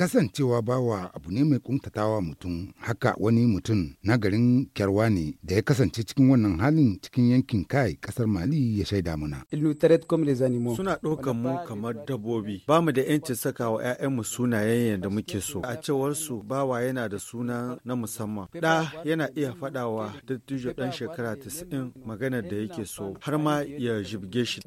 kasancewa bawa abu ne mai kuntatawa mutum haka wani mutum na garin kyarwa ne da ya kasance cikin wannan halin cikin yankin kai kasar mali ya shaida muna suna ɗaukan mu kamar dabbobi ba mu da yancin saka wa 'ya'yanmu sunayen yadda muke so a cewar su bawa yana da suna na musamman da yana iya faɗawa dattijo ɗan shekara 90 maganar da yake so har ma ya jibge shi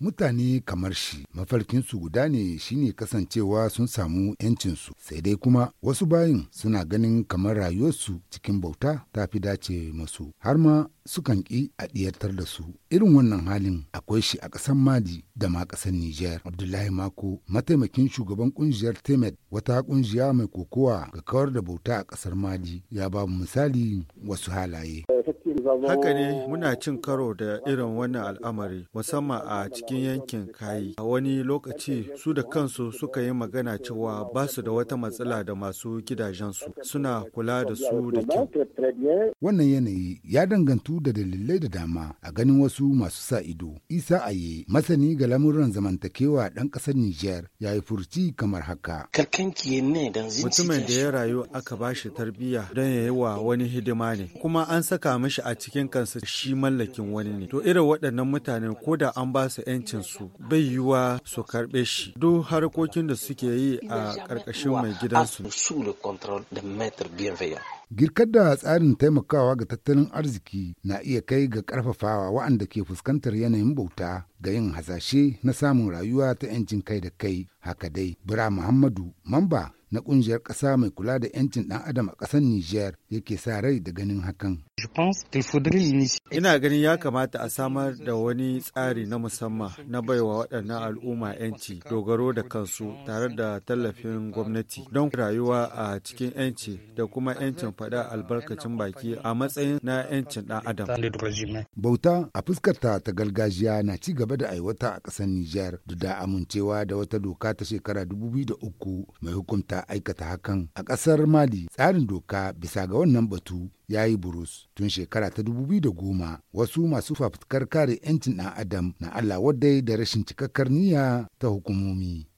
mutane kamar shi mafarkinsu guda ne shine kasancewa sun samu samu 'yancinsu sai dai kuma wasu bayin suna ganin kamar rayuwarsu cikin bauta ta fi dace masu har ma sukan ƙi a ɗiyartar da su irin wannan halin akwai shi a ƙasar madi da ma ƙasar niger abdullahi mako mataimakin shugaban ƙungiyar temet wata ƙungiya mai kokowa ga kawar da bauta a ƙasar madi ya ba misali wasu halaye Haka ne muna cin karo da irin wannan al'amari musamman a cikin yankin kayi. A wani lokaci su da kansu suka yi magana cewa ba su da wata matsala da masu gidajensu suna kula da su da kyau. Wannan yanayi ya dangantu da dalilai da dama a ganin wasu masu sa ido. Isa Aye masani ga lamuran zamantakewa ɗan ƙasar Nijar ya yi furci kamar haka. Mutumin da ya rayu aka ba shi tarbiyya don ya yi wa wani hidima ne kuma an saka mishi a cikin kansa shi mallakin wani ne to irin waɗannan mutane ko da an ba su yancin su bai yiwa su karɓe shi duk harkokin da suke yi a ƙarƙashin mai gidansu girkar da tsarin taimakawa ga tattalin arziki na iya kai ga ƙarfafawa waɗanda ke fuskantar yanayin bauta ga yin hasashe na samun rayuwa ta 'yancin kai da kai haka dai bira muhammadu mamba na ƙungiyar ƙasa mai kula da 'yancin ɗan adam a ƙasar niger yake sa rai da ganin hakan Ina ganin ya kamata a samar da wani tsari na musamman na baiwa waɗannan al'umma 'yanci dogaro da kansu tare da tallafin gwamnati don rayuwa a cikin 'yanci da kuma 'yancin faɗa albarkacin baki a matsayin na 'yancin ɗan adam. Bauta a fuskarta ta gargajiya na ci gaba da aiwata a ƙasar Nijar duk da amincewa da wata doka ta shekara 2003 mai hukunta aikata hakan a ƙasar Mali tsarin doka bisa ga wannan batu ya yi burus tun shekara ta dubu biyu da goma wasu masu fafutukar kare 'yancin ɗan adam na Allah wadai da rashin cikakkar niyya ta hukumomi.